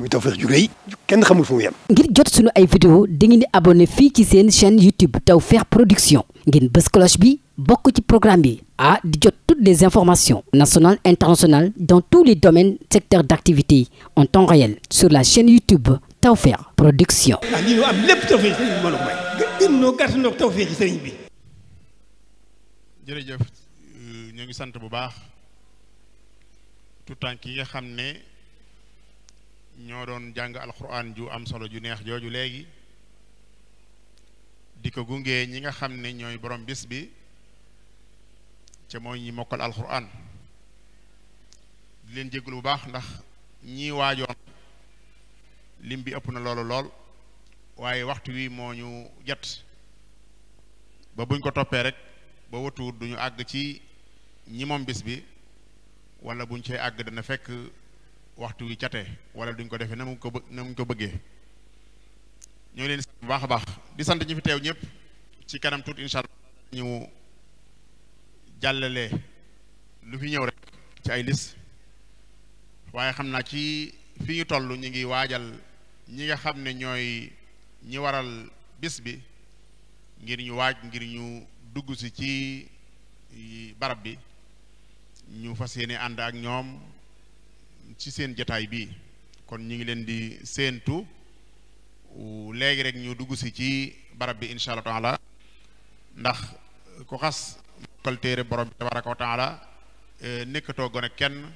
muy Tawfekh ju rëy kenn xamul fu mu yem. ngir jot sunu ay vidéo dangeen di abonné fii ci seen chaîne YouTube Tawfekh Production ngeen bës bi bokk ci programme bi a di jot toutes les informations nationales internationales dans tous les domaines secteurs d'activité en temps réel sur la chaîne YouTube Tawfekh Production. ah lii ñu am lépp Tawfekh sëriñ bi mën a may. gën bi. jërëjëf euh, ngi sant bu baax tout temps ki nga xam ne. ñoo doon jàng alxuraan ju am solo ju neex jooju léegi di ko gunge ñi nga xam ne ñooy borom bis bi ca mooy ñi mokkal alxuraan di leen jégalu bu baax ndax ñii waajoon lim bi ëpp na loolu lool waaye waxtu wi moo ñu jot ba buñ ko toppee rek ba watuwut duñu àgg ci ñi moom bis bi wala buñ cee àgg dana fekk waxtu wi cate wala duñ ko defee na mu ko na mu ko bëggee ñoo leen sant bu baax a baax di sant ñi fi teew ñëpp ci kanam tuut incha allah ñu jàllale lu fi ñëw rek ci ay lis waaye xam naa ci fi ñu toll ñu ngi waajal ñi nga xam ne ñooy ñi waral bis bi ngir ñu waaj ngir ñu dugg si ci barab bi ñu fas yéene ànd ak ñoom ci seen jataay bii kon ñu ngi leen di séentu léegi rek ñu dugg si ci barab bi incha allah taala ndax ku xas mokkal téere borom bi tabaraka wa taala eh, nekkatoo gone kenn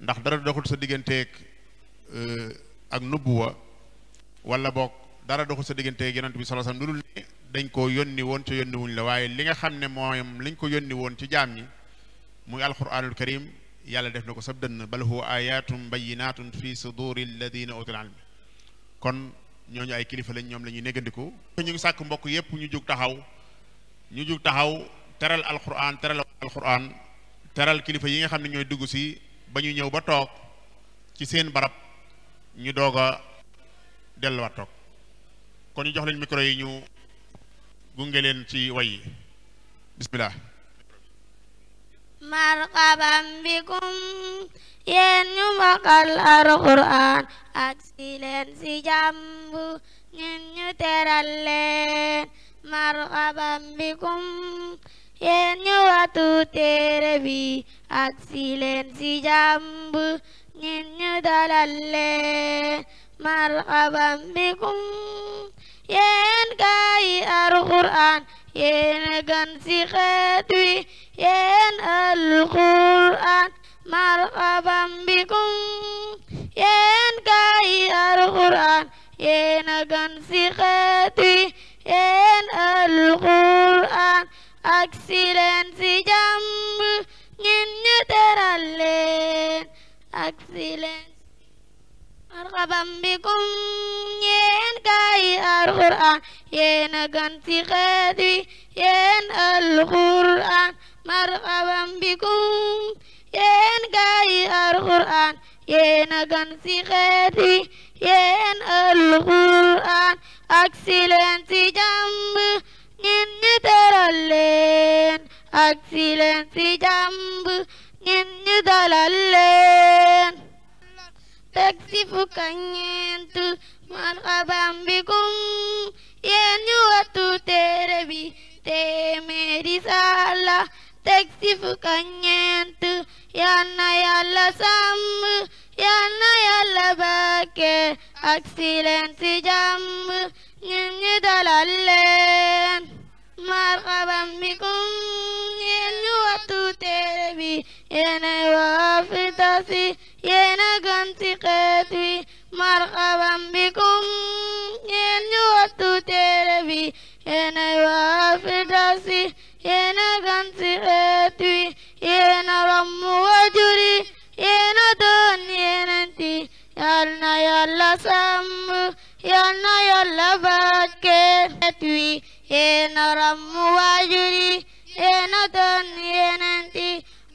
ndax dara doxul sa digganteeg eh, ak nubbuwa wala boog dara doxul sa digganteeg yonent bi solo sam wasallam lu dul dañ ko yónni woon ca yónni wuñ la waaye li nga xam ne mooy liñ ko yónni ci jaam ñi muy alquranul karim yàlla def na ko sab dënn bal huwa ayatum bayinatun fi suduri alladina utul ilm kon ñooñu ay kilifa lañ ñoom la ñuy néggandiku ñu ngi sàkk mbokk yépp ñu jug taxaw ñu jug taxaw teral alquran teral alquran teral kilifa yi nga xam ne ñooy dugg si ba ñu ñëw ba toog ci seen barab ñu doog a delluwaat toog kon ñu jox leen micro yi ñu gunge leen ci way yi bismillah marhaban bikum yéen ñu mokkal alxuraan ak si leen si jàmm ñun teral leen marhaban bikum yéen ñu watu téere bi ak si leen si jàmm ñun ñu leen marhaban bikum yéen gaay alxuraan yéen gan ci xeet wi yéen alxuraan marhaban bikum yéen gaay alxuraan yéen gan ci xeet wi yéen alxuraan ak si leen ci jàmm ñin ñu teral leen ak si leen marxaban bikum yéen kay alxuraan yéen a gan ci xeet wi yéen alxuraan marxaban bikum yéen kay alxuraan yéen a gan ci xeet wi yéen alxuraan ak si leen ci jàmb ñin ñu teral leen ak si leen ci jàmb ñin ñu dalal leen teg ci fukk ak ñeent marxaban bikum yéen ñu wattu téere bi téeméeri saala teg ci fukk ak ñeent yal na yàlla sàmm yal na yàlla barke ak si leen si dalal leen marxaban bikum yéen ñu wattu téere bi yéenay waa fi tasi yéena gën ci marxaban bikum yéen ñu wattu téere bi yéenay waa fi tasi yéena gën ci xeet wi yéena romb wajuri yéena doon yéenanti yal na Yàlla sàmm yal na wajuri yéena doon yéenanti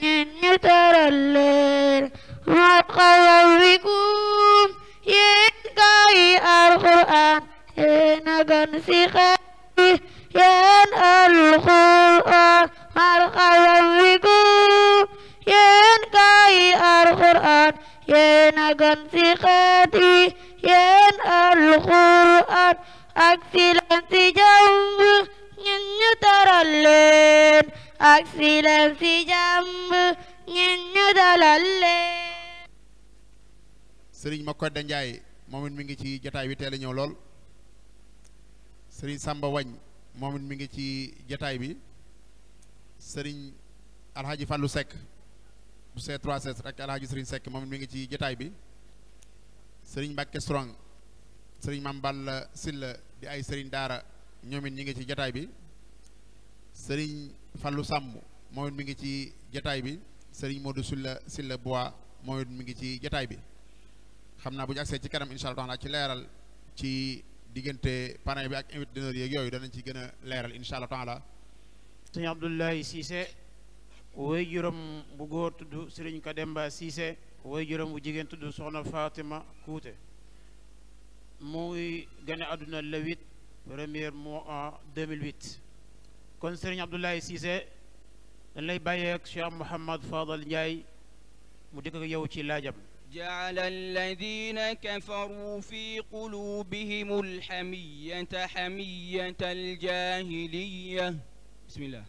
yéen teral leen ma xawawikum yéen gaayi alquran yéen a gan si xeewi yéen alquran ma xawawikum yéen gaayi alquran yéen a gan si xeewi yéen alquran ak si lan si jaww ñun ñu teral leen അക്സിലഫ്സി jump ഞെഞ്ഞുതലല്ലേ sëriñ Makodda Ndiaye moom it mi ngi ci jataay bi teel a ñëw lool sëriñ Samba Wañ moom it mi ngi ci jataay bi sëriñ Alhaji Fallou Seck bu C3S ak Alhaji sëriñ Seck moom it mi ngi ci jataay bi sëriñ Mbacke Strong sëriñ ma Balla Silla di ay sëriñ Daara ñoomit it ñi ngi ci jataay bi sëriñ Fallou Sàmm moom it mi ngi ci jataay bi Serigne Modou Silla Silla Bois moom mi ngi ci jataay bi xam naa bu ñu agsee ci kanam incha allah ci leeral ci diggante parrain bi ak invité d'honneur yeeg yooyu danañ ci gën a leeral incha allah taala sëñ Abdoulaye Cissé way juróom bu góor tudd Serigne Kademba Cissé way juróom bu jigéen tudd Soxna Fatima Kuute muy gane àdduna le 8 premier mois 2008 kon sëriñ Abdoulaye Cissé dañ lay bàyyeeg Cheikh Mouhamad Fadal Ndiaye mu dikk yow ci laajam جعل الذين كفروا في قلوبهم الحمية حمية الجاهلية بسم الله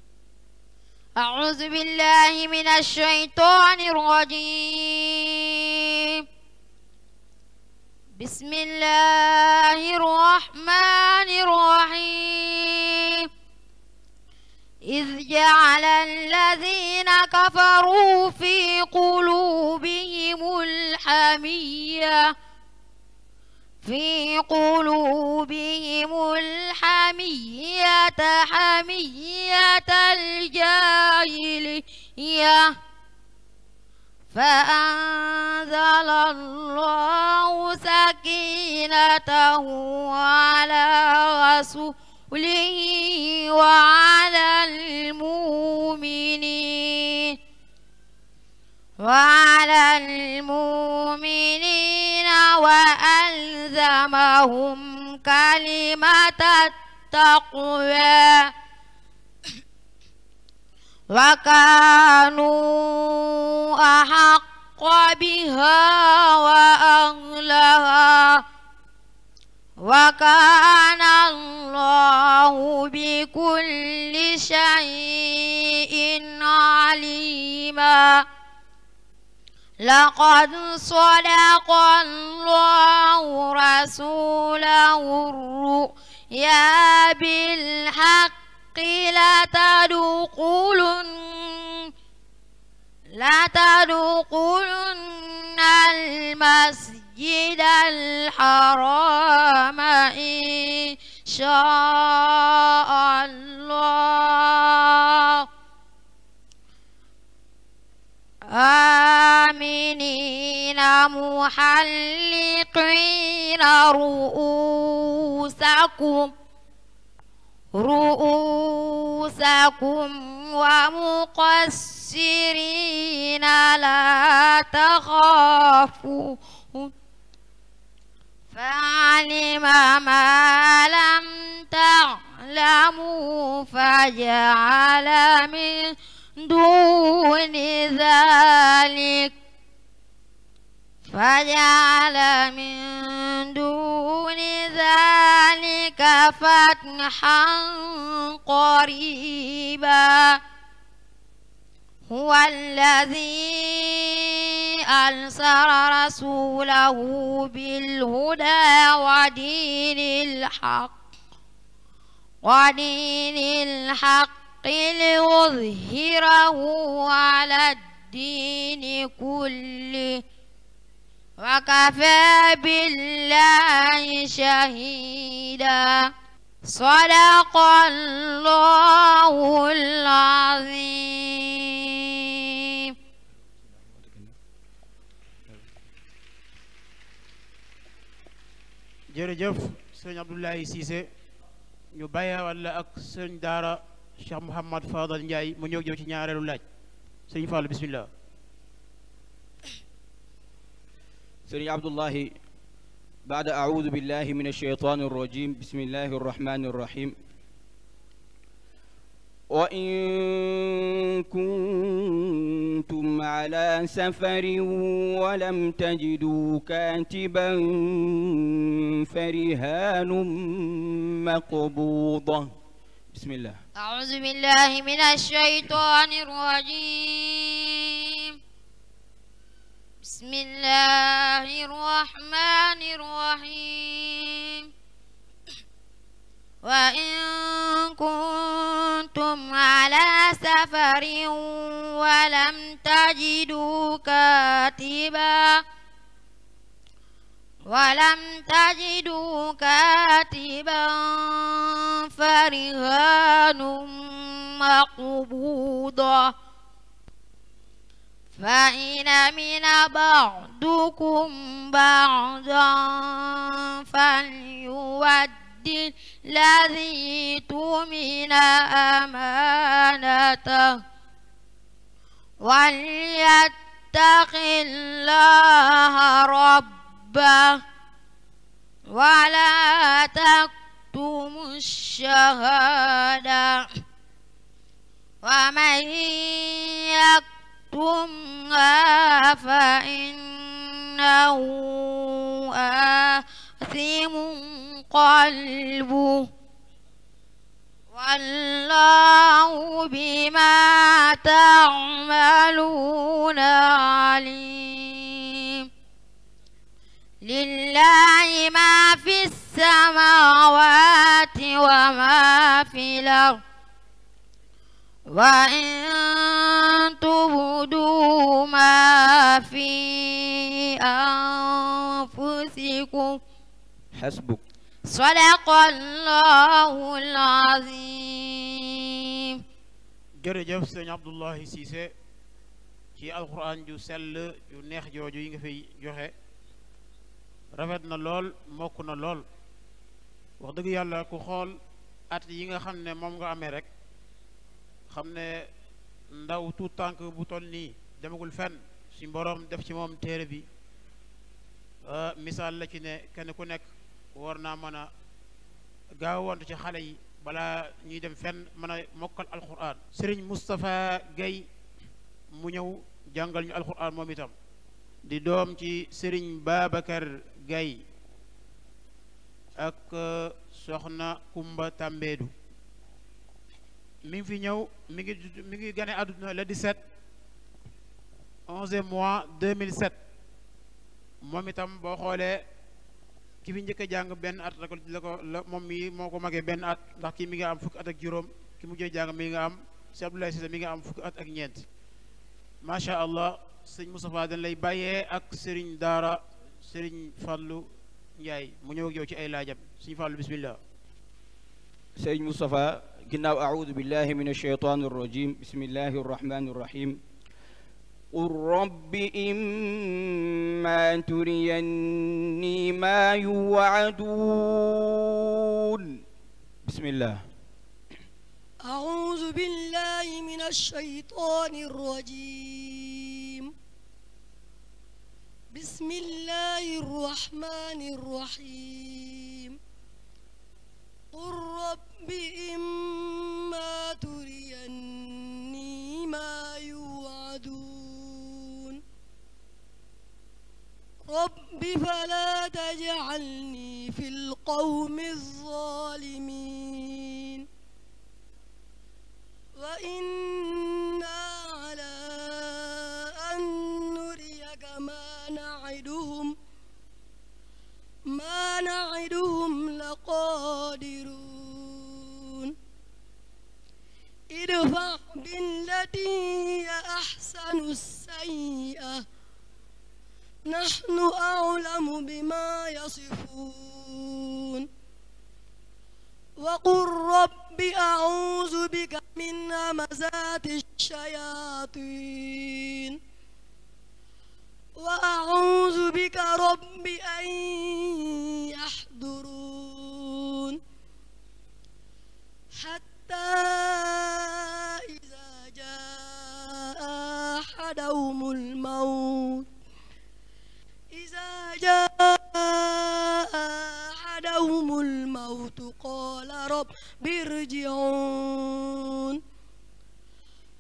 أعوذ بالله من الشيطان الرجيم بسم الله الرحمن الرحيم إذ جعل الذين كفروا في قلوبهم الحمية في قلوبهم الحمية حمية الجاهلية فأنزل الله سكينته على رسوله وعلى المؤمنين وعلى المؤمنين وألزمهم كلمة التقوى وكانوا أحق بها وأغلها وكان الله بكل شيء عليما لقد صدق الله رسوله الرؤيا بالحق لتدخلن لتدخلن المسجد المسجد الحرام إن شاء الله آمنين محلقين رؤوسكم رؤوسكم ومقصرين لا تخافون فعلم ما لم تعلموا فجعل من دون ذلك فجعل من دون ذلك فتحا قريبا هو الذي أرسل رسوله بالهدى ودين الحق ودين الحق ليظهره على الدين كله وكفى بالله شهيدا sadaqallaahul aziim jërëjëf sëñ Abdoulaye Cissé ñu bàyyi walla ak sëñ daara Cheikh Mouhamad Fadal Ndiaye mu ñëw jëw ci ñaareelu laaj sëñ Fall bismillah sëñ Abdoulaye بعد أعوذ بالله من الشيطان الرجيم بسم الله الرحمن الرحيم وإن كنتم على سفر ولم تجدوا كاتبا فرهان مقبوضة بسم الله أعوذ بالله من الشيطان الرجيم بسم الله الرحمن الرحيم وإن كنتم على سفر ولم تجدوا كاتبا ولم تجدوا كاتبا فرهان مقبوضة فإن أمن بعضكم بعضا فليؤد الذي اؤتمن أمانته وليتق الله ربه ولا تكتموا الشهادة ومن يكتم أخذتمها فإنه آثم قلبه والله بما تعملون عليم لله ما في السماوات وما في الأرض وإن تبدوا ما في أنفسكم حسبك صدق الله العظيم jërëjëf sëñ Abdoulaye Cissé ci alquran ju sell ju neex jooju yi nga fay joxe rafet na lool mokk na lool wax dëgg yàlla ku xool at yi nga xam ne moom nga amee rek xam ne ndaw tuut tànk bu toll nii demagul fenn si mboroom def ci moom téere bi misaal la ci ne kenn ku nekk war naa mën a gaawantu ci xale yi balaa ñuy dem fenn mën a mokkal alquran sëriñ Moustapha gay mu ñëw jàngal ñu alquran moom itam di doom ci sëriñ Babacar Guèye ak uh, soxna Kumba Tambédou mi ngi fi ñëw mi ngi mi ngi gane àdduna le 17 11e mois 2007 moom itam boo xoolee ki fi njëkk a jàng benn at la ko la ko la moom mi moo ko magee benn at ndax kii mi nga am fukki at ak juróom ki mujjee jàng mi nga am si Abdoulaye Cissé mi nga am fukki at ak ñeent macha allah sëñ Moustapha dañ lay bàyyee ak Serigne Daara Serigne Fallou Ndiaye mu ñëw ak yow ci ay laajam sëñ Fallou bismillah sëñ Moustapha ginnaaw audu billahi min alsheytaan alrajim bismillahi arrahmani irrahim qul rabbi imma turiyanni ma yuwaadun bismillah audu billahi min alsheytaan arrajim bismillahi arrahmani irrahim قل رب إما تريني ما يوعدون رب فلا تجعلني في القوم الظالمين وإنا على أن نريك ما نعدهم ما نعدهم لقادرون ادفع بالتي هي أحسن السيئة نحن أعلم بما يصفون وقل رب أعوذ بك من همزات الشياطين وأعوذ بك رب أن يحضرون حتى أحدهم الموت قال رب ارجعون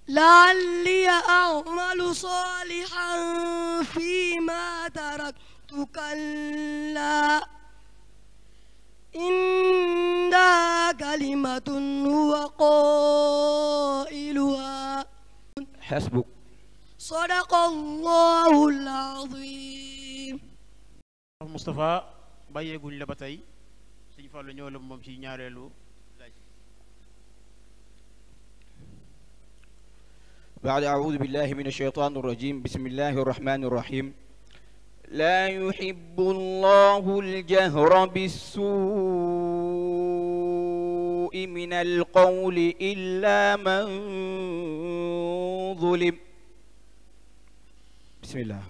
لعلي أعمل صالحا فيما تركت كلا إنها كلمة هو قائلها حسبك صدق الله العظيم Cheikh Moustapha bàyyeeguñ la ba tey sëñ Fallou ñëw la moom ci ñaareelu laaj بعد أعوذ بالله من الشيطان الرجيم بسم الله الرحمن الرحيم لا يحب الله الجهر بالسوء من القول إلا من ظلم بسم الله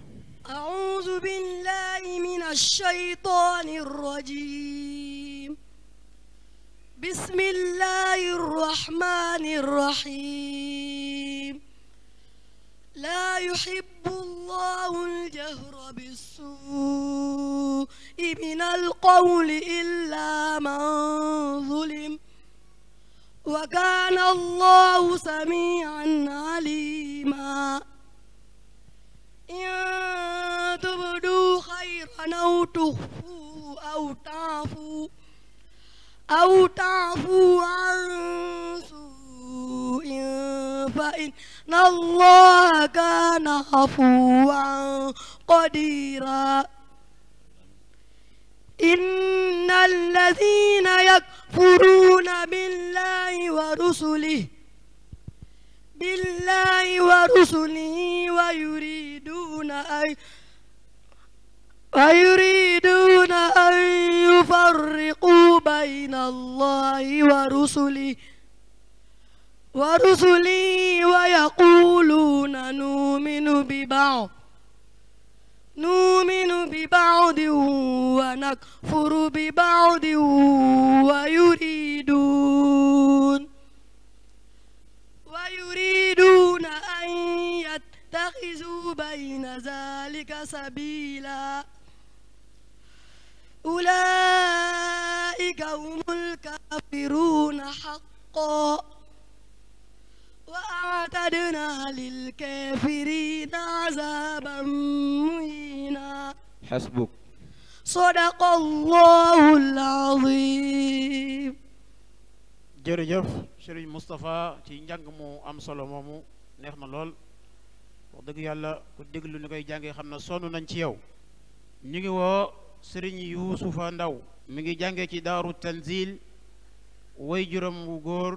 أعوذ بالله من الشيطان الرجيم بسم الله الرحمن الرحيم لا يحب الله الجهر بالسوء من القول إلا من ظلم وكان الله سميعا عليما إن تبدوا خيرا أو تخفوه أو تعفو أو تعفو عن سوء فإن الله كان عفوا قديرا إن الذين يكفرون بالله ورسله بالله ورسله ويريدون أن wa yuriduuna an yufarriquu bayna allahi wa rusulihi wa rusulihi wa yaquuluuna nuuminu bi ba'd nuuminu bi ba'din wa nakfuru bi ba'din wa yuriduuna wa yuriduuna an yattakhizuu bayna dhaalika sabiila أولئك هم الكافرون حقا وأعتدنا للكافرين عذابا مهينا حسبك صدق الله العظيم jërëjëf Serigne Moustapha ci njàng mu am solo moomu neex na lool wax dëgg yàlla ku déglu ni koy jàngee xam na sonn nañ ci yow ñu ngi woo sëriñ yuusufa ndaw mi ngi jànge ci daaru tanzil woy juróom wu góor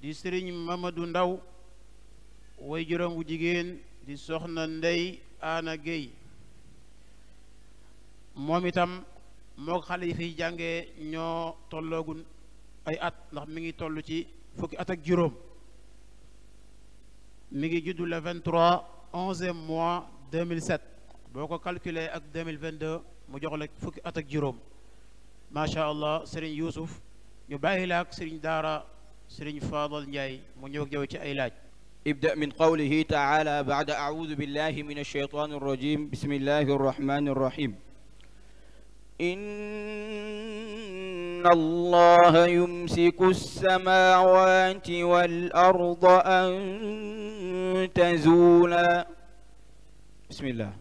di sëriñ mamadu ndaw woy juróom wu jigéen di soxna ndey aana géy moom itam moo xale yi fiy jànge ñoo tolloogun ay at ndax mi ngi toll ci fukki at ak juróom mi ngi juddu le 23 11e mois 2007 boo ko calculé ak 2022 mu jox la fukki at ak juróom macha allah sëriñ Yuusuf ñu bàyyi la ak sëriñ daara sëriñ Faadal Njaay mu ñëw ak yow ci ay laaj ابدأ من قوله تعالى بعد أعوذ بالله من الشيطان الرجيم بسم الله الرحمن الرحيم إن الله يمسك السماوات والأرض أن تزولا بسم الله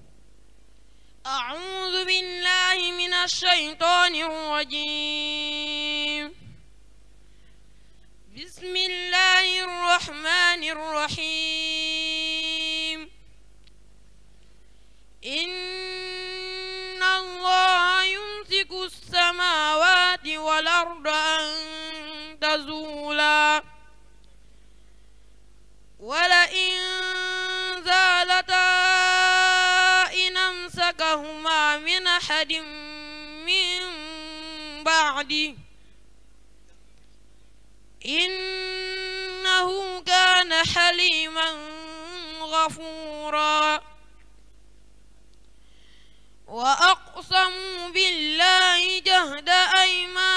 أعوذ بالله من الشيطان الرجيم بسم الله الرحمن الرحيم إن الله يمسك السماوات والأرض أن تزولا ولئن من بعده إنه كان حليما غفورا وأقسموا بالله جهد أيمان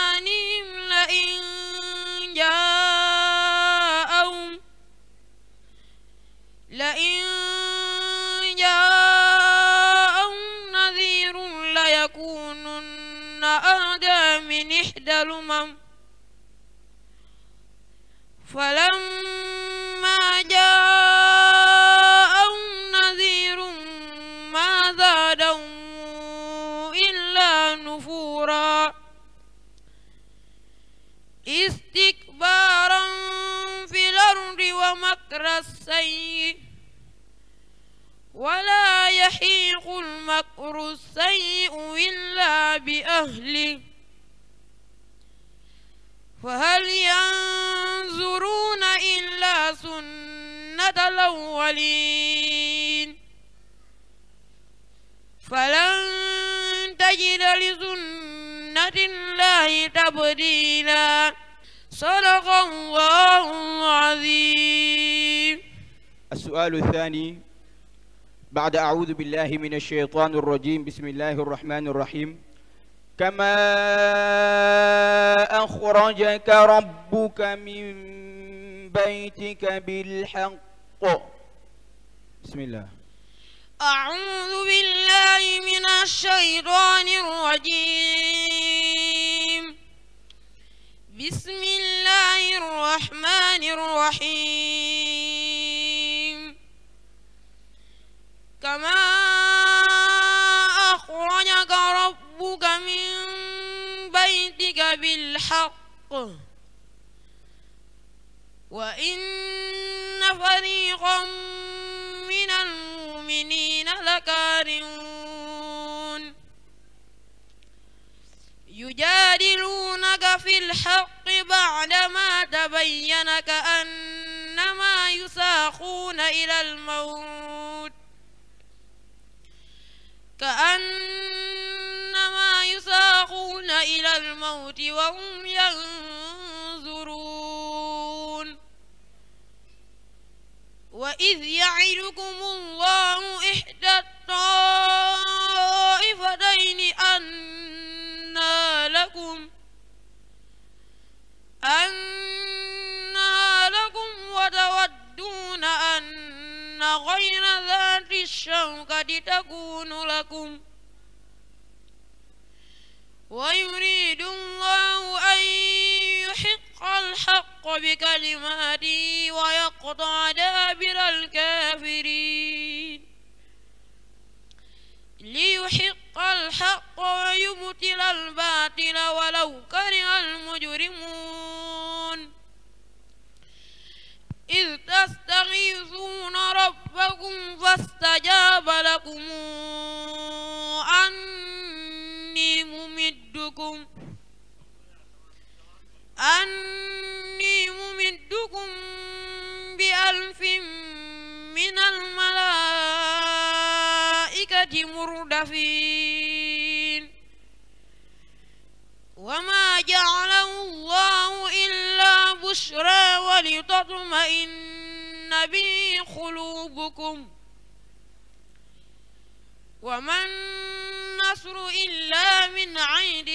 فلما جاءهم نذير ما زادهم إلا نفورا استكبارا في الأرض ومكر السيء ولا يحيق المكر السيء إلا بأهله فهل ينظرون إلا سنة الأولين فلن تجد لسنة الله تبديلا صدق الله العظيم السؤال الثاني بعد أعوذ بالله من الشيطان الرجيم بسم الله الرحمن الرحيم كما أخرجك ربك من بيتك بالحق بسم الله أعوذ بالله من الشيطان الرجيم بسم الله الرحمن الرحيم كما أخرجك ربك بالحق وإن فريقا من المؤمنين لكارهون يجادلونك في الحق بعدما تبين كأنما يساقون إلى الموت كأن الموت وهم ينظرون وإذ يعدكم الله إحدى الطائفتين أنى لكم أنها لكم وتودون أن غير ذات الشوكة تكون لكم ويريد الله أن يحق الحق بكلماته ويقطع دابر الكافرين ليحق الحق ويبطل الباطل ولو كره المجرمون إذ تستغيثون ربكم فاستجاب لكم أني ممد يمدكم أني ممدكم بألف من الملائكة مردفين وما جعله الله إلا بشرى ولتطمئن به قلوبكم ومن النصر إلا من عند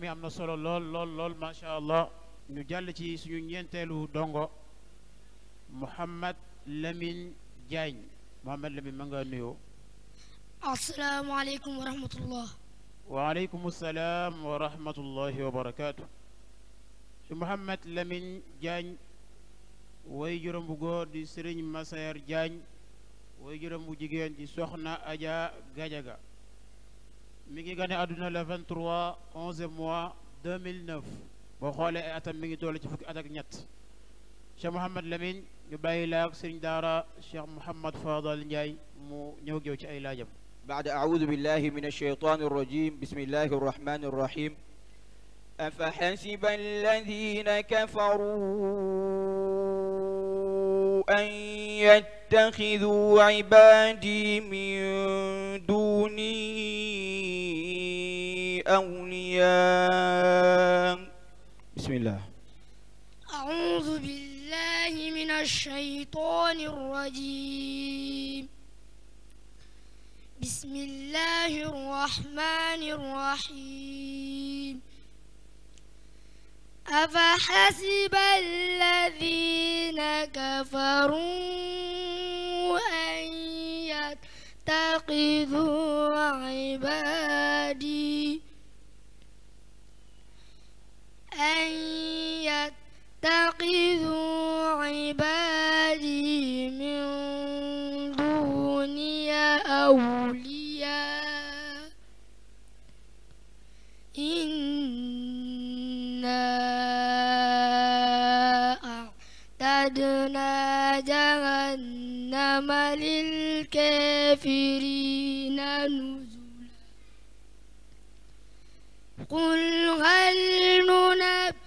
mi am na solo lool lool lool macha allah ñu jàll ci suñu ñeenteelu dongo Mouhamad Lamine Diagne Mouhamed Lamine ma nga nuyoo. asalaamaaleykum wa rahmatullah. waaleykum salaam wa rahmatullahi wa barakaatu. su Mouhamed Lamine Diagne. way juróom bu góor di Serigne Massaer Diagne. way juróom bu jigéen di Soxna Adja Gajaga. mi ngi gane àdduna le 23 11 mois 2009. boo xoolee ay atam mi ngi toll ci fukki at ak ñett. Cheikh Mouhamad Lamine ñu bàyyi la ak sëriñ daara Cheikh Mouhamad Fadal Ndiaye mu ñëw ak yow ci ay laajam بعد أعوذ بالله من الشيطان الرجيم بسم الله الرحمن الرحيم أفحسب الذين كفروا أن يتخذوا عبادي من دوني أولياء بسم الله الشيطان الرجيم بسم الله الرحمن الرحيم أفحسب الذين كفروا أن يتخذوا عبادي أن يتخذوا اتخذوا عبادي من دوني أولياء إنا أعتدنا جهنم للكافرين نزلا قل هل ننبئ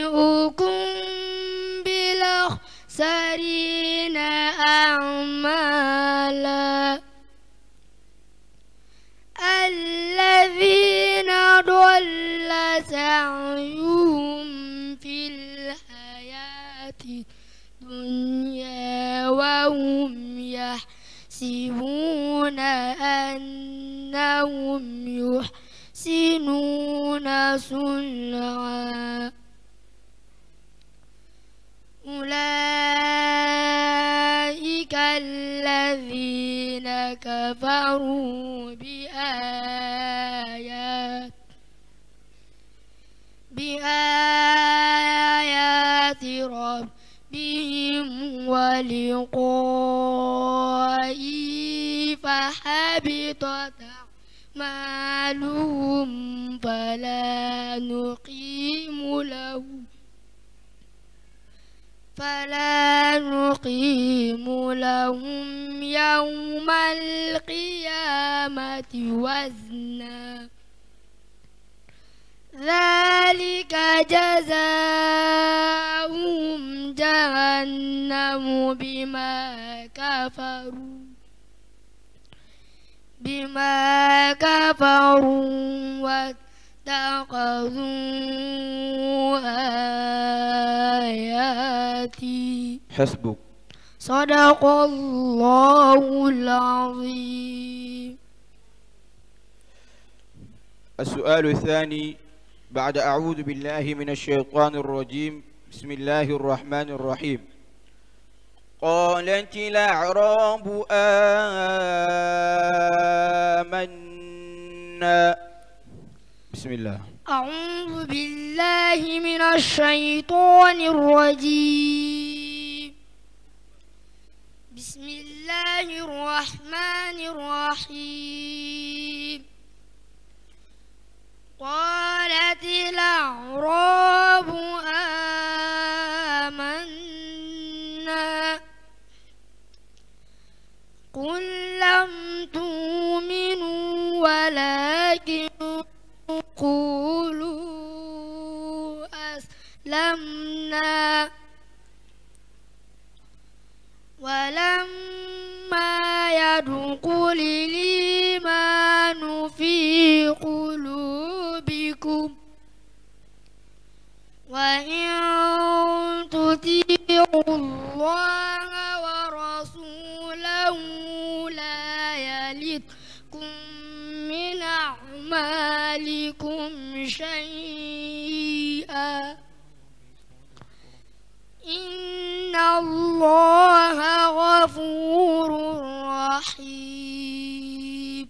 أنبئكم بالأخسرين أعمالا الذين ضل سعيهم في الحياة الدنيا وهم يحسبون أنهم يحسنون صنعا أولئك الذين كفروا بآيات بآيات ربهم ولقائه فحبطت أعمالهم فلا نقيم لهم فلا نقيم لهم يوم القيامة وزنا ذلك جزاؤهم جهنم بما كفروا بما كفروا اتخذوا آياتي حسبك صدق الله العظيم السؤال الثاني بعد أعوذ بالله من الشيطان الرجيم بسم الله الرحمن الرحيم قالت الأعراب آمنا بسم الله أعوذ بالله من الشيطان الرجيم بسم الله الرحمن الرحيم قالت الأعراب آمنا قل الله غفور رحيم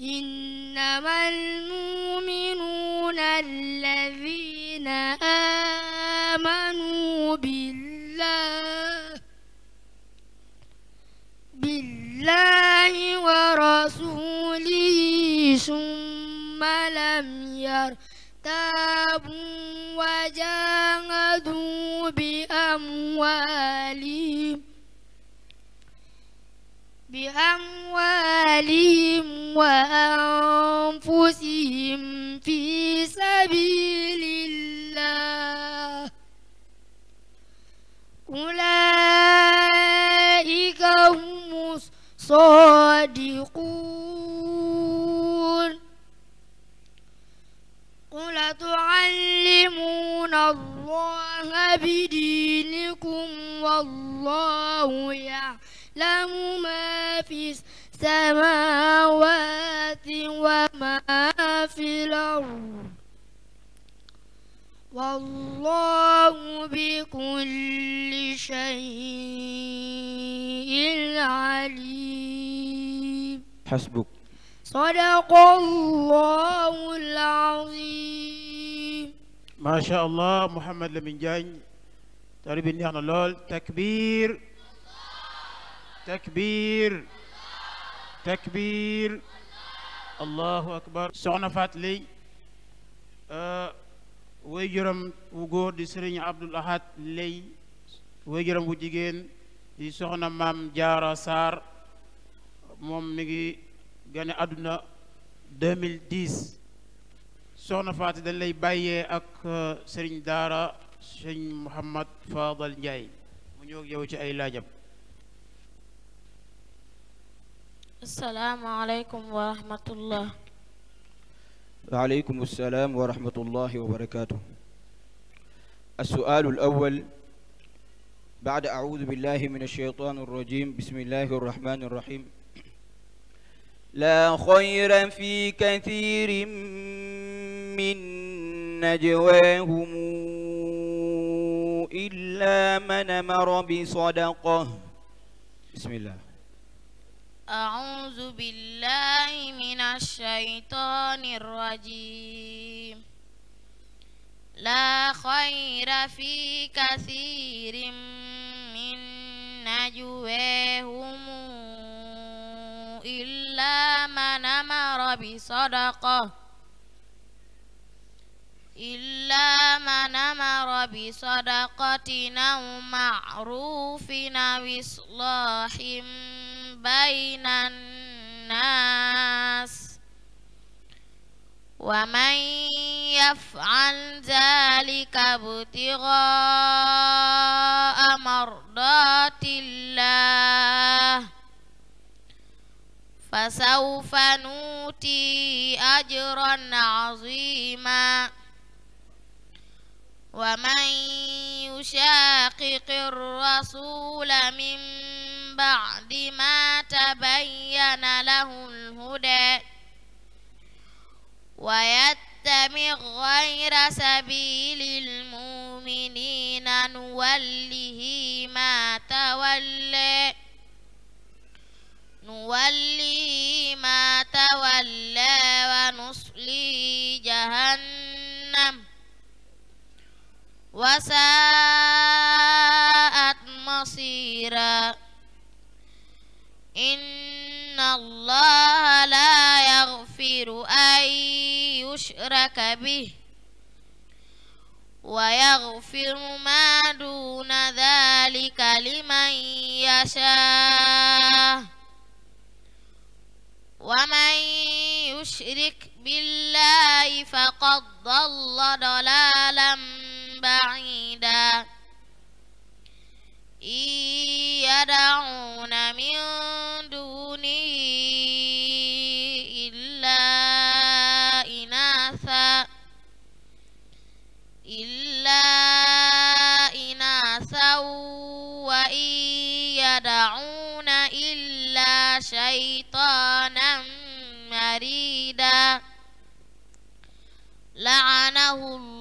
إنما المؤمنون الذين آمنوا بالله بالله ورسوله ثم لم يرتابوا بأموالهم بأموالهم وأنفسهم في سبيل الله بدينكم والله يعلم ما في السماوات وما في الأرض والله بكل شيء عليم حسبك صدق الله العظيم macha allah Mouhamed Lamine Diagne tari bi neex na lool takbir takbir takbir allahu akbar soxna faat lay euh, way juram wu góor di sëriñ abdul ahad lay way juram wu jigéen di soxna maam jaara sarr moom mi ngi gane àdduna 2010 soxna faati dañ lay bàyyee ak euh, sëriñ daara sëriñ Mouhamad Fadal Ndiaye mu ñëw ak yow ci ay laajam asalaamaaleykum wa rahmatullah waaleykum salaam wa rahmatullah wa barakaatu السؤال الأول بعد أعوذ بالله من الشيطان الرجيم بسم الله الرحمن الرحيم لا خير في كثير من نجواهم إلا من أمر بصدقة بسم الله أعوذ بالله من الشيطان الرجيم لا خير في كثير من نجواهم إلا من أمر بصدقة إلا من أمر بصدقة أو معروف أو إصلاح بين الناس ومن يفعل ذلك ابتغاء مرضات الله فسوف نؤتي أجرا عظيما ومن يشاقق الرسول من بعد ما تبين له الهدى ويتبع غير سبيل المؤمنين نوله ما تولى نوله ما تولى ونصلي جهنم وساءت مصيرا إن الله لا يغفر أن يشرك به ويغفر ما دون ذلك لمن يشاء ومن يشرك بالله فقد ضل ضلالا بعيدا إن يدعون من دونه إلا إناثا إلا إناثا وإن يدعون إلا شيطانا مريدا لعنه الله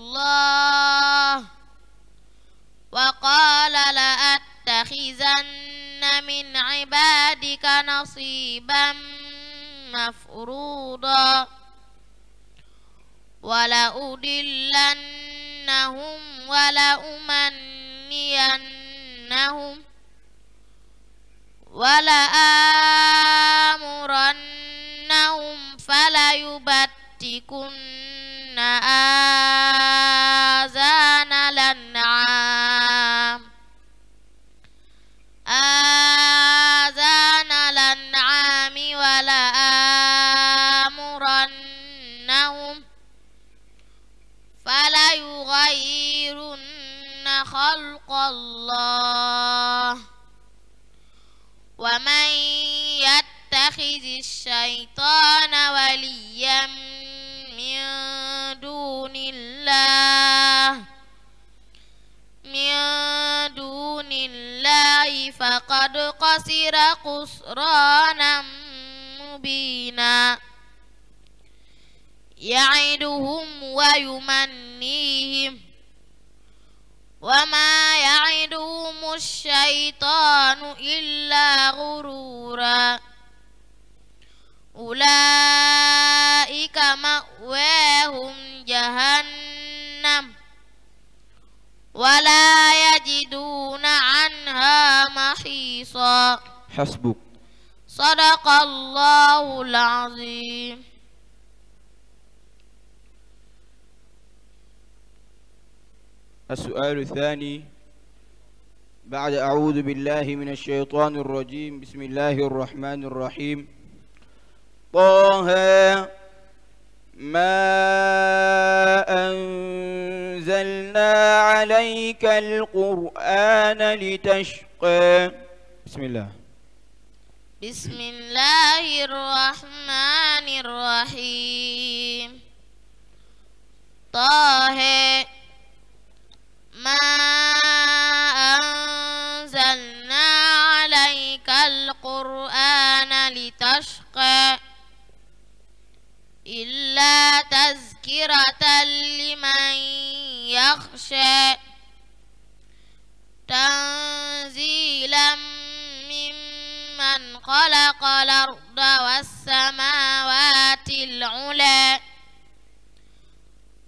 وقال لأتخذن من عبادك نصيبا مفروضا ولأضلنهم ولأمنينهم ولآمرنهم فليبتكن آه يعدهم ويمنيهم وما يعدهم الشيطان إلا غرورا أولئك مأواهم جهنم ولا يجدون عنها محيصا حسبك صدق الله العظيم السؤال الثاني بعد أعوذ بالله من الشيطان الرجيم بسم الله الرحمن الرحيم طه ما أنزلنا عليك القرآن لتشقى بسم الله بسم الله الرحمن الرحيم طه ما أنزلنا عليك القرآن لتشقى إلا تذكرة لمن يخشى تنزيلا ممن خلق الأرض والسماوات العلى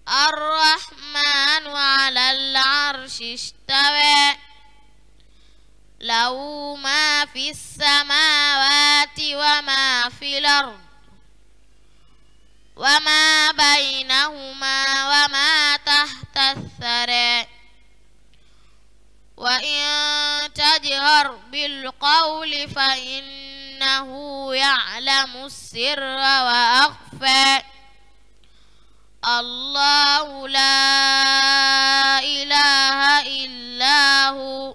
الرحمن على العرش استوى له ما في السماوات وما في الأرض وما بينهما وما تحت الثرى وإن تجهر بالقول فإنه يعلم السر وأخفى الله لا إله إلا هو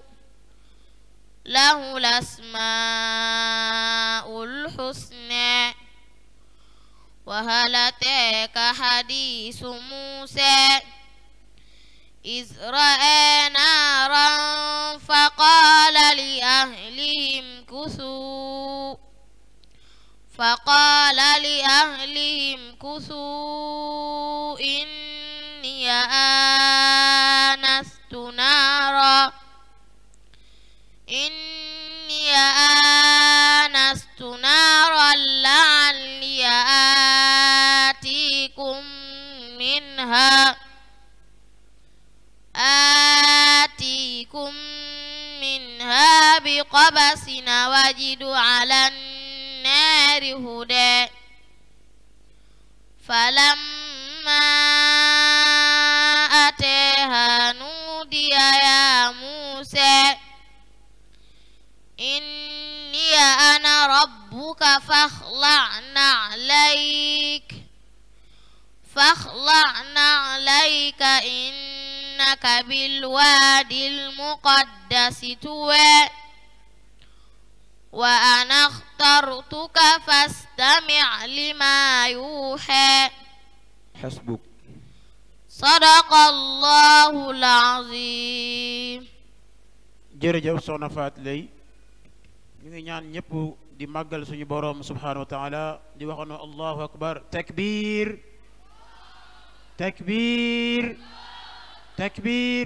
له الأسماء الحسنى وهل أتاك حديث موسى إذ رأى نارا فقال لأهلهم كثوا فقال لأهلهم كثوا إني آنست نارا إني آنست نارا لعلي آتيكم منها آتيكم منها بقبس وجد على النار النار هدى فلما أتيها نودي يا موسى إني أنا ربك فاخلع عليك فاخلع عليك إنك بالوادي المقدس توى ربك فاستمع لما يوحى حسبك صدق الله العظيم jërëjëf soxna Faat Lay ñu ngi ñaan ñëpp di màggal suñu boroom subhaanahu wa taala di waxoon allahu akbar takbir takbir takbir